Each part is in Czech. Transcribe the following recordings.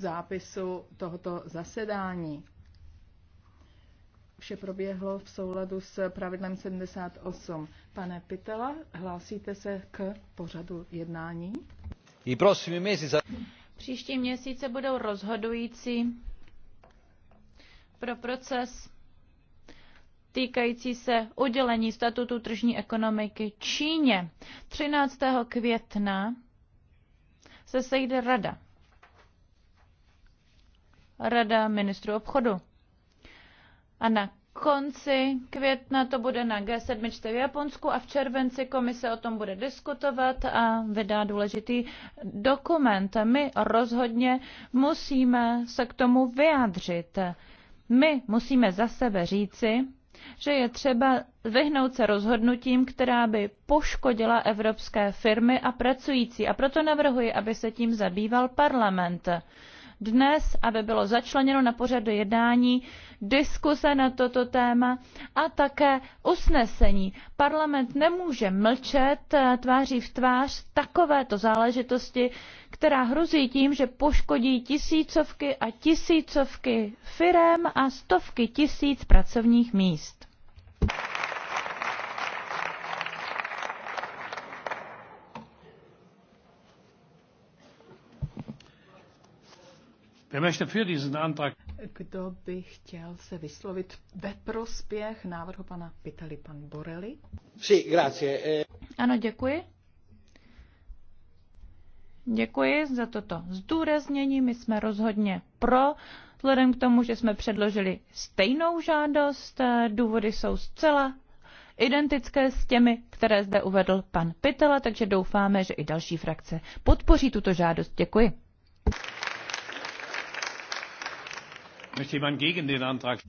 zápisu tohoto zasedání. Vše proběhlo v souladu s pravidlem 78. Pane Pitela, hlásíte se k pořadu jednání? I prosím, měsíc. Příští měsíce budou rozhodující pro proces týkající se udělení statutu tržní ekonomiky Číně. 13. května se sejde rada Rada ministrů obchodu. A na konci května to bude na G7 v Japonsku a v červenci komise o tom bude diskutovat a vydá důležitý dokument. My rozhodně musíme se k tomu vyjádřit. My musíme za sebe říci, že je třeba vyhnout se rozhodnutím, která by poškodila evropské firmy a pracující. A proto navrhuji, aby se tím zabýval parlament dnes, aby bylo začleněno na pořad do jednání diskuse na toto téma a také usnesení. Parlament nemůže mlčet eh, tváří v tvář takovéto záležitosti, která hrozí tím, že poškodí tisícovky a tisícovky firem a stovky tisíc pracovních míst. Kdo by chtěl se vyslovit ve prospěch návrhu pana Pitali, pan Borelli? Sí, grazie. Ano, děkuji. Děkuji za toto zdůraznění. My jsme rozhodně pro, vzhledem k tomu, že jsme předložili stejnou žádost. Důvody jsou zcela identické s těmi, které zde uvedl pan Pitela, takže doufáme, že i další frakce podpoří tuto žádost. Děkuji.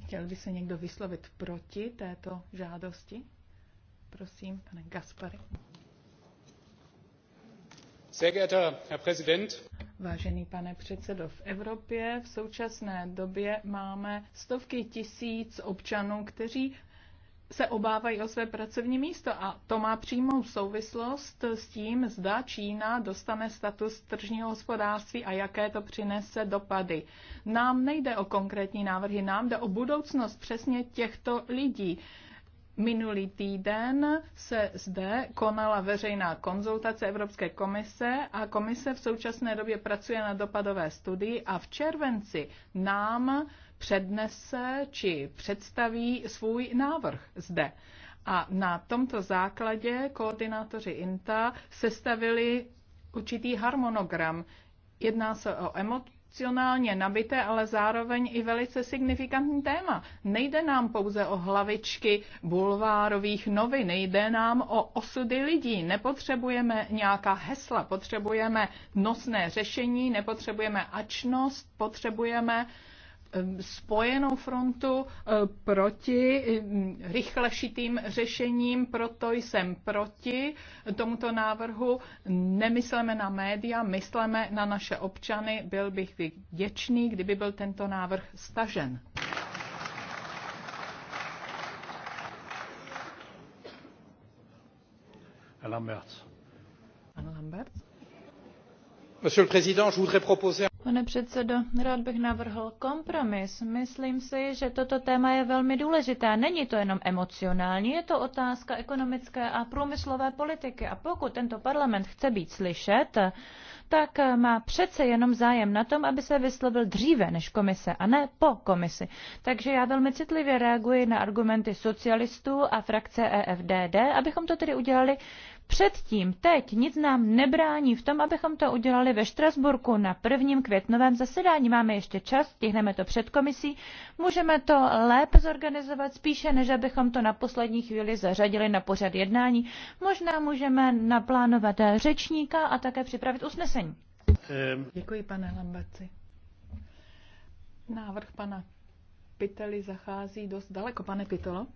Chtěl by se někdo vyslovit proti této žádosti? Prosím, pane Gaspary. Vážený pane předsedo, v Evropě v současné době máme stovky tisíc občanů, kteří se obávají o své pracovní místo a to má přímou souvislost s tím, zda Čína dostane status tržního hospodářství a jaké to přinese dopady. Nám nejde o konkrétní návrhy, nám jde o budoucnost přesně těchto lidí. Minulý týden se zde konala veřejná konzultace Evropské komise a komise v současné době pracuje na dopadové studii a v červenci nám přednese či představí svůj návrh zde. A na tomto základě koordinátoři INTA sestavili určitý harmonogram. Jedná se o emot emocionálně nabité, ale zároveň i velice signifikantní téma. Nejde nám pouze o hlavičky bulvárových novin, nejde nám o osudy lidí. Nepotřebujeme nějaká hesla, potřebujeme nosné řešení, nepotřebujeme ačnost, potřebujeme uh, Eh, spojenou frontu eh, proti eh, rychlešitým řešením, proto jsem proti tomuto návrhu. Nemysleme na média, mysleme na naše občany. Byl bych vděčný, kdyby byl tento návrh stažen. Lambert. Monsieur le Président, je voudrais proposer Pane předsedo, rád bych navrhl kompromis. Myslím si, že toto téma je velmi důležité. Není to jenom emocionální, je to otázka ekonomické a průmyslové politiky. A pokud tento parlament chce být slyšet, tak má přece jenom zájem na tom, aby se vyslovil dříve než komise a ne po komisi. Takže já velmi citlivě reaguji na argumenty socialistů a frakce EFDD, abychom to tedy udělali Předtím, teď, nic nám nebrání v tom, abychom to udělali ve Štrasburku na prvním květnovém zasedání. Máme ještě čas, stihneme to před komisí, můžeme to lépe zorganizovat spíše, než abychom to na poslední chvíli zařadili na pořad jednání. Možná můžeme naplánovat řečníka a také připravit usnesení. Ehm. Děkuji, pane Lamberci. Návrh pana Piteli zachází dost daleko, pane Pitolo.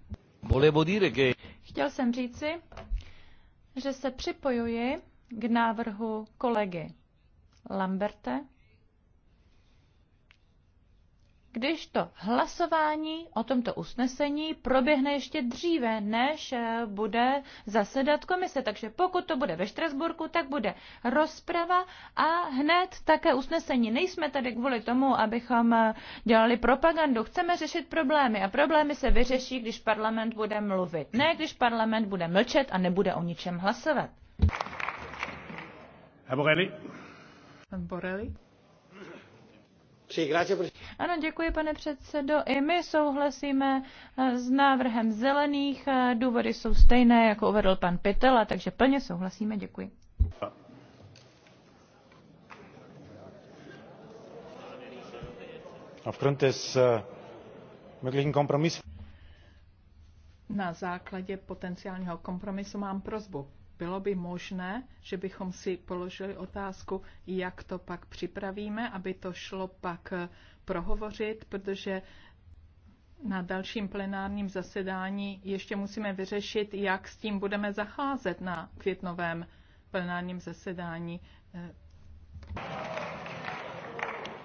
Chtěl jsem říci, že se připojuji k návrhu kolegy Lamberte když to hlasování o tomto usnesení proběhne ještě dříve, než eh, bude zasedat komise. Takže pokud to bude ve Štrasburku, tak bude rozprava a hned také usnesení. Nejsme tady kvůli tomu, abychom eh, dělali propagandu. Chceme řešit problémy a problémy se vyřeší, když parlament bude mluvit. Ne, když parlament bude mlčet a nebude o ničem hlasovat. Borelli. Pan Borelli. Ano, děkuji, pane předsedo. I my souhlasíme eh, s návrhem zelených. Eh, důvody jsou stejné, jako uvedl pan Pitela, takže plně souhlasíme. Děkuji. Eh, Na základě potenciálního kompromisu mám prozbu bylo by možné, že bychom si položili otázku, jak to pak připravíme, aby to šlo pak eh, prohovořit, protože na dalším plenárním zasedání ještě musíme vyřešit, jak s tím budeme zacházet na květnovém plenárním zasedání. Eh.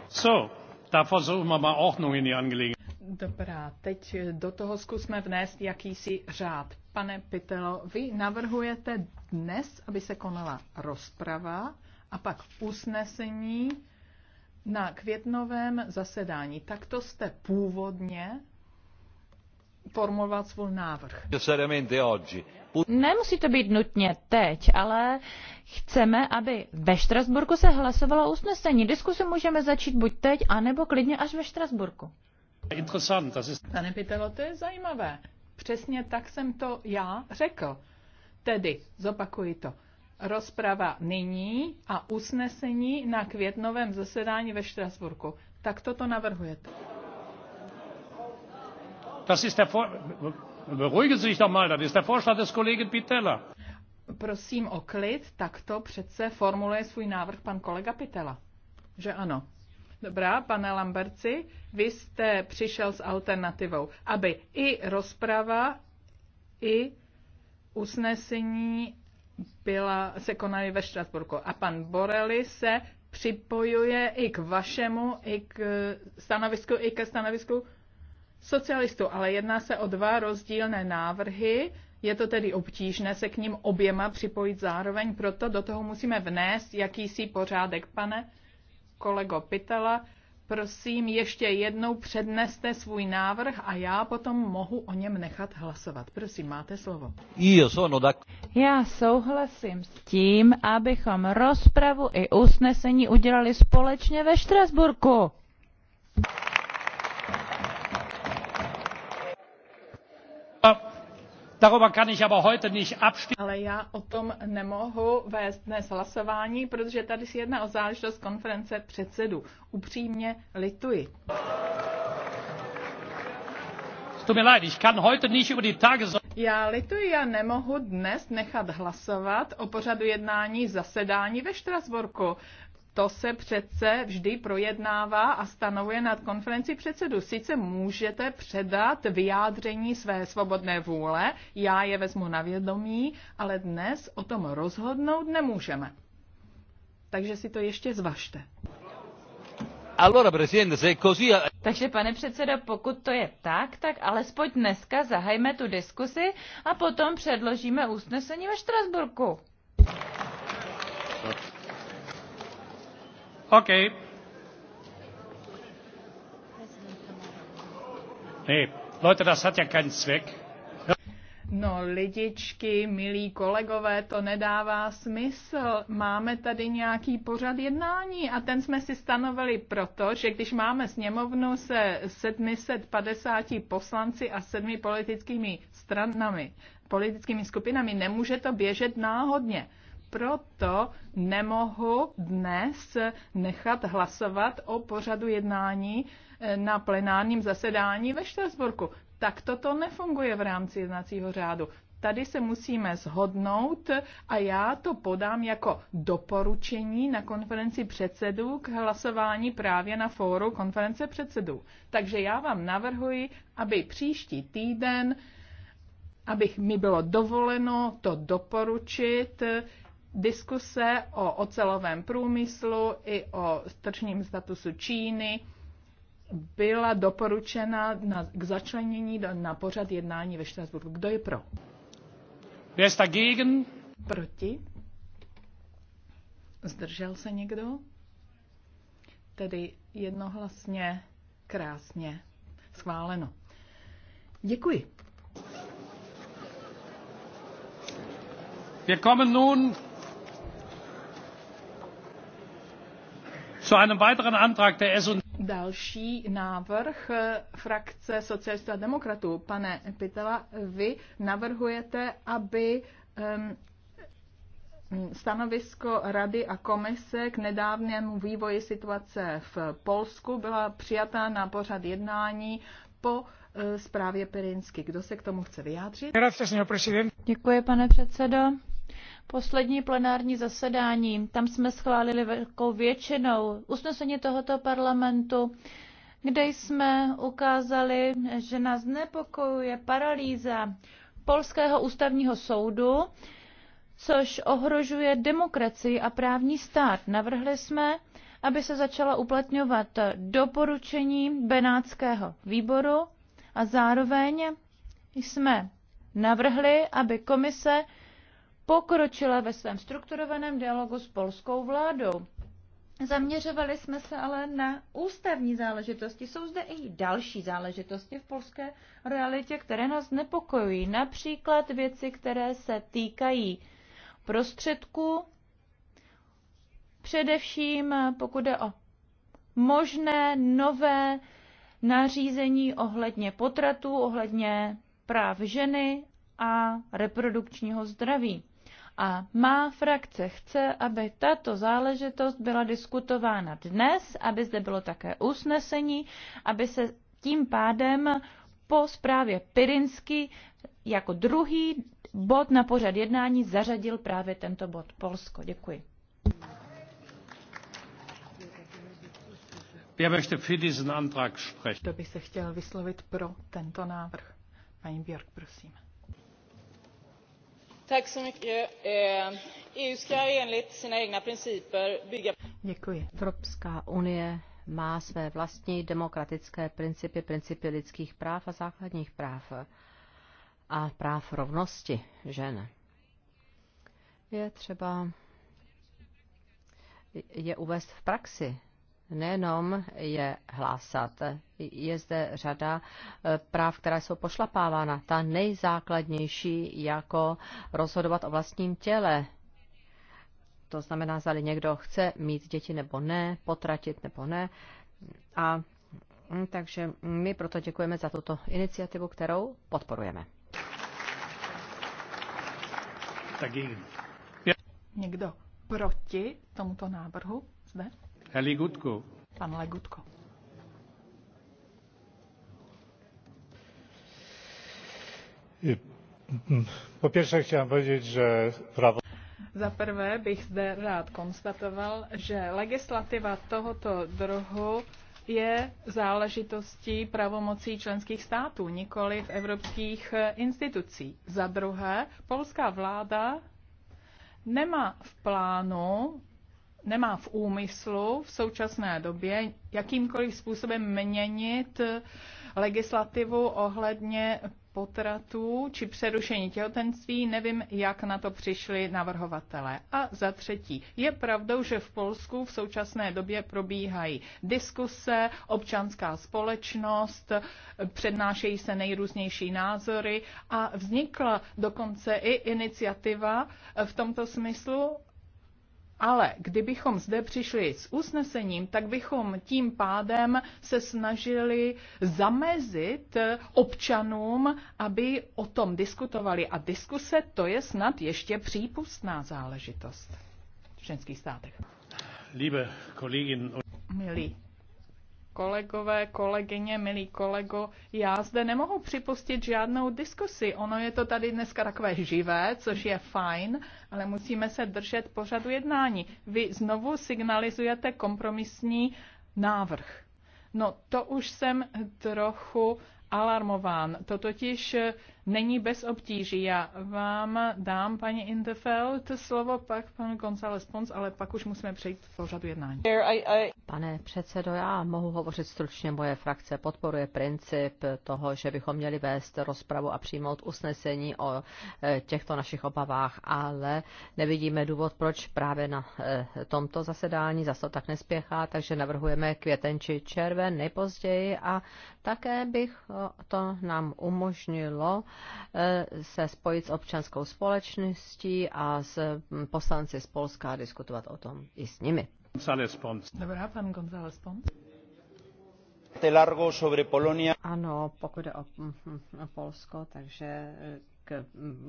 So, da versuchen wir mal Ordnung in die Angelegenheit. Dobrá, teď do toho zkusme vnést jakýsi řád. Pane Pitelo, vy navrhujete dnes, aby se konala rozprava a pak usnesení na květnovém zasedání. Takto jste původně formulovat svůj návrh. Nemusí to být nutně teď, ale chceme, aby ve Štrasburku se hlasovalo usnesení. Diskusi můžeme začít buď teď, anebo klidně až ve Štrasburku. Pane Pitelo, to je zajímavé. Přesně tak jsem to já řekl. Tedy, zopakuji to. Rozprava nyní a usnesení na květnovém zasedání ve Štrasburku. Tak toto navrhujete. Das ist der Vor Beruhigen Sie sich doch mal, das ist der Vorschlag des Kollegen Pitella. Prosím o klid, takto přece formuluje svůj návrh pan kolega Pitella. Že ano. Dobrá, pane Lamberci, vy jste přišel s alternativou, aby i rozprava, i usnesení byla, se konaly ve Štrasburku. A pan Borelli se připojuje i k vašemu, i k stanovisku, i ke stanovisku socialistů, ale jedná se o dva rozdílné návrhy. Je to tedy obtížné se k ním oběma připojit zároveň, proto do toho musíme vnést jakýsi pořádek. Pane kolego Pitela, prosím ještě jednou předneste svůj návrh a já potom mohu o něm nechat hlasovat. Prosím, máte slovo. Já souhlasím s tím, abychom rozpravu i usnesení udělali společně ve Štrasburku. Darüber kann ich aber heute nicht abstimmen. Ale já o tom nemohu vést dnes hlasování, protože tady se jedná o záležitost konference předsedu. Upřímně lituji. Tut mir leid, ich kann heute nicht über die Tagesordnung. Já lituji, já nemohu dnes nechat hlasovat o pořadu jednání zasedání ve Štrasburku to se přece vždy projednává a stanovuje nad konferenci předsedu. Sice můžete předat vyjádření své svobodné vůle, já je vezmu na vědomí, ale dnes o tom rozhodnout nemůžeme. Takže si to ještě zvažte. Eh, Takže pane předsedo, pokud to je tak, tak alespoň dneska zahajme tu diskusi a potom předložíme usnesení ve Štrasburku. OK. Hey, Leute, no das hat ja keinen Zweck. No lidičky, milí kolegové, to nedává smysl. Máme tady nějaký pořad jednání a ten jsme si stanovili proto, že když máme sněmovnu se 750 poslanci a sedmi politickými stranami, politickými skupinami, nemůže to běžet náhodně proto nemohu dnes nechat hlasovat o pořadu jednání eh, na plenárním zasedání ve Štrasburku. Tak toto nefunguje v rámci jednacího řádu. Tady se musíme shodnout a já to podám jako doporučení na konferenci předsedů k hlasování právě na fóru konference předsedů. Takže já vám navrhuji, aby příští týden abych mi bylo dovoleno to doporučit diskuse o ocelovém průmyslu i o tržním statusu Číny byla doporučena na, k začlenění do, na pořad jednání ve Štrasburku. Kdo je pro? Wer ist dagegen? Proti? Zdržel se někdo? Tedy jednohlasně, krásně, schváleno. Děkuji. Wir kommen nun Zu einem weiteren Antrag der S Další návrh eh, frakce socialistů a demokratů. Pane Pitela, vy navrhujete, aby um, Stanovisko Rady a komise k nedávnému vývoji situace v Polsku byla přijata na pořad jednání po eh, zprávě Perinsky. Kdo se k tomu chce vyjádřit? Děkuji, pane předsedo poslední plenární zasedání. Tam jsme schválili velkou většinou usnesení tohoto parlamentu, kde jsme ukázali, že nás nepokojuje paralýza Polského ústavního soudu, což ohrožuje demokracii a právní stát. Navrhli jsme, aby se začala uplatňovat doporučení Benátského výboru a zároveň jsme navrhli, aby komise pokročila ve svém strukturovaném dialogu s polskou vládou. Zaměřovali jsme se ale na ústavní záležitosti. Jsou zde i další záležitosti v polské realitě, které nás nepokojují. Například věci, které se týkají prostředků, především pokud jde o možné nové nařízení ohledně potratů, ohledně práv ženy a reprodukčního zdraví. A má frakce chce, aby tato záležitost byla diskutována dnes, aby zde bylo také usnesení, aby se tím pádem po zprávě Pirinsky jako druhý bod na pořad jednání zařadil právě tento bod Polsko. Děkuji. To bych se chtěl vyslovit pro tento návrh? Paní Björk, prosím. Eh, e Děkuji. Evropská unie má své vlastní demokratické principy, principy lidských práv a základních práv a práv rovnosti žen. Je třeba je uvést v praxi nejenom je hlásat, je zde řada eh, práv, která jsou pošlapávána. Ta nejzákladnější jako rozhodovat o vlastním těle. To znamená, zda někdo chce mít děti nebo ne, potratit nebo ne. A mm, takže my proto děkujeme za tuto iniciativu, kterou podporujeme. Někdo proti tomuto návrhu zde? Herr Legutko. Pan Legutko. Mm, po pierwsze chciałem powiedzieć, że prawo... Za prvé bych zde rád konstatoval, že legislativa tohoto druhu je záležitostí pravomocí členských států, nikoli v evropských institucí. Za druhé, polská vláda nemá v plánu nemá v úmyslu v současné době jakýmkoliv způsobem měnit legislativu ohledně potratů či přerušení těhotenství, nevím, jak na to přišli navrhovatele. A za třetí, je pravdou, že v Polsku v současné době probíhají diskuse, občanská společnost, přednášejí se nejrůznější názory a vznikla dokonce i iniciativa v tomto smyslu ale kdybychom zde přišli s usnesením, tak bychom tím pádem se snažili zamezit občanům, aby o tom diskutovali. A diskuse to je snad ještě přípustná záležitost v členských státech. Liebe Kollegin... Milí kolegové, kolegyně, milí kolego, já zde nemohu připustit žádnou diskusi. Ono je to tady dneska takové živé, což je fajn, ale musíme se držet pořadu jednání. Vy znovu signalizujete kompromisní návrh. No to už jsem trochu alarmován. To totiž není bez obtíží. Já vám dám, paní Indefeld, slovo, pak pan González Pons, ale pak už musíme přejít k pořadu jednání. Pane předsedo, já mohu hovořit stručně. Moje frakce podporuje princip toho, že bychom měli vést rozpravu a přijmout usnesení o e, těchto našich obavách, ale nevidíme důvod, proč právě na e, tomto zasedání zase tak nespěchá, takže navrhujeme květen či červen nejpozději a také bych e, to nám umožnilo Eh, se spojit s občanskou společností a s mm, poslanci z Polska a diskutovat o tom i s nimi. Dobrá, pan González Pons. Ano, pokud je o, o mm, mm, Polsko, takže eh,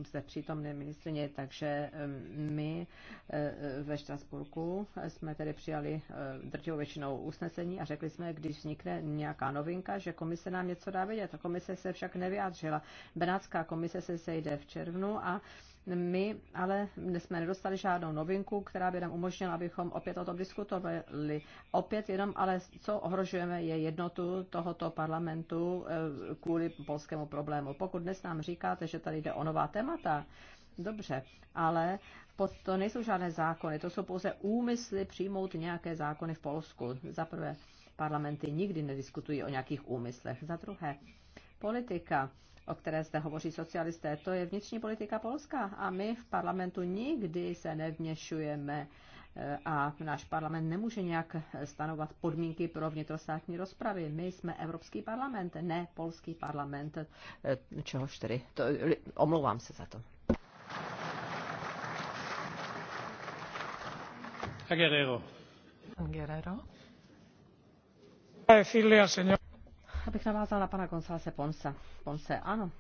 zde přítomné ministrině, takže my e, ve Štrasburku jsme tedy přijali e, drtivou většinou usnesení a řekli jsme, když vznikne nějaká novinka, že komise nám něco dá vědět. Komise se však nevyjádřila. Benátská komise se sejde v červnu a my ale jsme nedostali žádnou novinku, která by nám umožnila, abychom opět o tom diskutovali. Opět jenom ale, co ohrožujeme, je jednotu tohoto parlamentu eh, kvůli polskému problému. Pokud dnes nám říkáte, že tady jde o nová témata, Dobře, ale pod to nejsou žádné zákony, to jsou pouze úmysly přijmout nějaké zákony v Polsku. Za prvé, parlamenty nikdy nediskutují o nějakých úmyslech. Za druhé, politika, o které zde hovoří socialisté, to je vnitřní politika Polska a my v parlamentu nikdy se nevměšujeme eh, a náš parlament nemůže nějak stanovat podmínky pro vnitrostátní rozpravy. My jsme Evropský parlament, ne Polský parlament. Eh, čehož tedy? To, omlouvám se za to. Guerrero. Guerrero abych navázal na pana Gonzálese Ponce. Ponce, ano,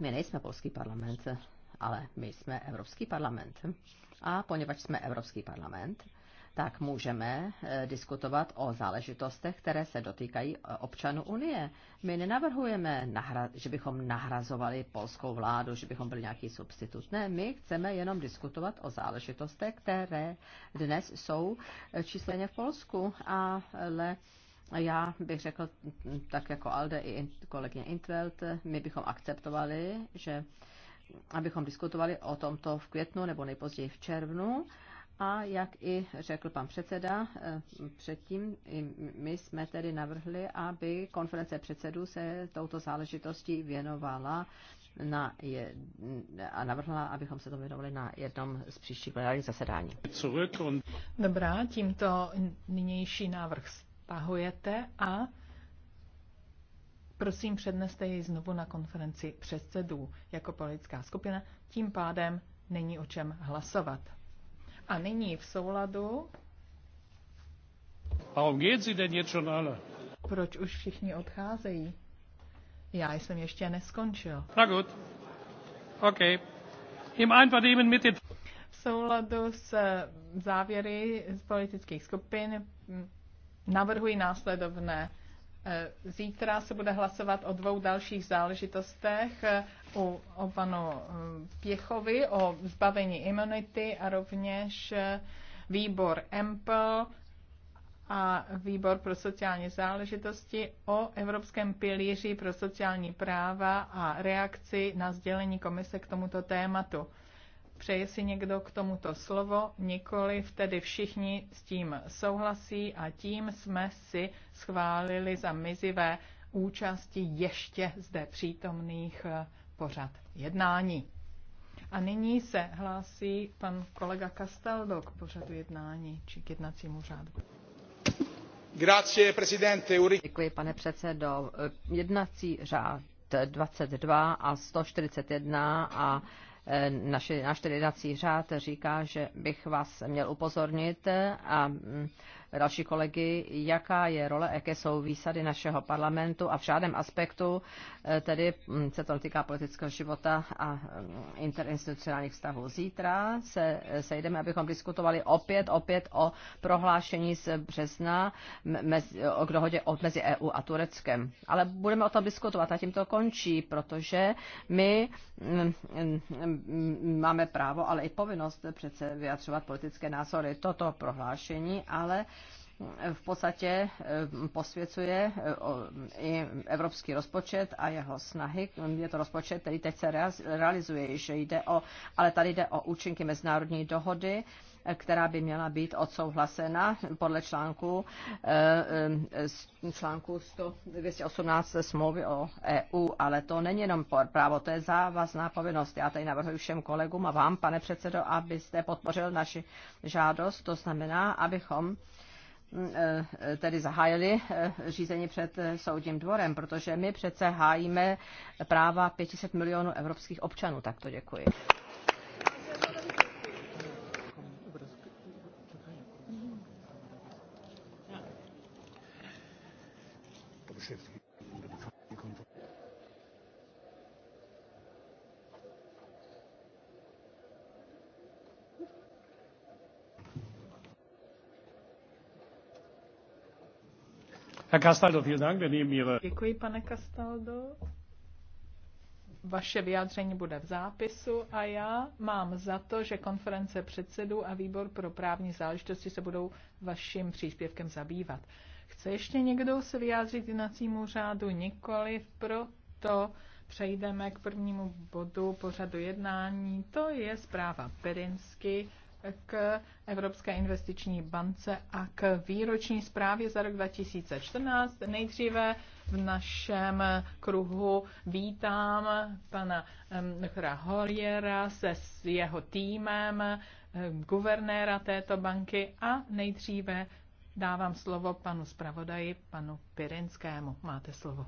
my nejsme polský parlament, ale my jsme Evropský parlament. A poněvadž jsme Evropský parlament, tak můžeme eh, diskutovat o záležitostech, které se dotýkají eh, občanů Unie. My nenavrhujeme, že bychom nahrazovali polskou vládu, že bychom byli nějaký substitut. Ne, my chceme jenom diskutovat o záležitostech, které dnes jsou eh, čísleně v Polsku, ale a Já bych řekl, tak jako Alde i kolegyně Intveld, my bychom akceptovali, že abychom diskutovali o tomto v květnu nebo nejpozději v červnu. A jak i řekl pan předseda, eh, předtím my jsme tedy navrhli, aby konference předsedů se touto záležitostí věnovala na je, a navrhla, abychom se to věnovali na jednom z příštích plenárních zasedání. Dobrá, tímto nynější návrh stahujete a prosím předneste jej znovu na konferenci předsedů jako politická skupina, tím pádem není o čem hlasovat. A nyní v souladu... Warum geht Proč už všichni odcházejí? Já jsem ještě neskončil. Na gut. OK. Im Einvernehmen mit den... V souladu s závěry z politických skupin navrhuji následovné. Eh, zítra se bude hlasovat o dvou dalších záležitostech eh, u, o panu eh, Pěchovi, o zbavení imunity a rovněž výbor EMPL a výbor pro sociální záležitosti o Evropském pilíři pro sociální práva a reakci na sdělení komise k tomuto tématu. Přeje si někdo k tomuto slovo? Nikoli? Vtedy všichni s tím souhlasí a tím jsme si schválili za mizivé účasti ještě zde přítomných eh, pořad jednání. A nyní se hlásí pan kolega Castaldo k pořadu jednání či k jednacímu řádu. Grazie, Děkuji, pane předsedo. Jednací řád 22 a 141 a Eh, naše, náš tedy jednací řád říká, že bych vás měl upozornit a mm, další kolegy, jaká je role, jaké jsou výsady našeho parlamentu a v žádném aspektu, eh, tedy hm, se to týká politického života a hm, interinstitucionálních vztahů. Zítra se eh, sejdeme, abychom diskutovali opět, opět o prohlášení z března mezi, o e dohodě mezi EU a Tureckem. Ale budeme o tom diskutovat a tím to končí, protože my hm, máme právo, ale i povinnost přece vyjadřovat politické názory. Toto prohlášení, ale v podstatě eh, posvěcuje eh, i evropský rozpočet a jeho snahy. Je to rozpočet, který teď se realizuje, že jde o, ale tady jde o účinky mezinárodní dohody, eh, která by měla být odsouhlasena podle článku, článku 118 smlouvy o EU, ale to není jenom právo, to je závazná povinnost. Já tady navrhuji všem kolegům a vám, pane předsedo, abyste podpořil naši žádost, to znamená, abychom Eh, tedy zahájili eh, řízení před eh, soudním dvorem, protože my přece hájíme práva 500 milionů evropských občanů. Tak to děkuji. Castaldo, vielen Dank. Wir nehmen Ihre... Děkuji, pane Castaldo. Vaše vyjádření bude v zápisu a já mám za to, že konference předsedů a výbor pro právní záležitosti se budou vaším příspěvkem zabývat. Chce ještě někdo se vyjádřit jednacímu řádu? nikoli? proto přejdeme k prvnímu bodu pořadu jednání. To je zpráva Perinsky k Evropské investiční bance a k výroční zprávě za rok 2014. Nejdříve v našem kruhu vítám pana Nechra Horiera se s jeho týmem, guvernéra této banky a nejdříve dávám slovo panu zpravodaji, panu Pirinskému. Máte slovo.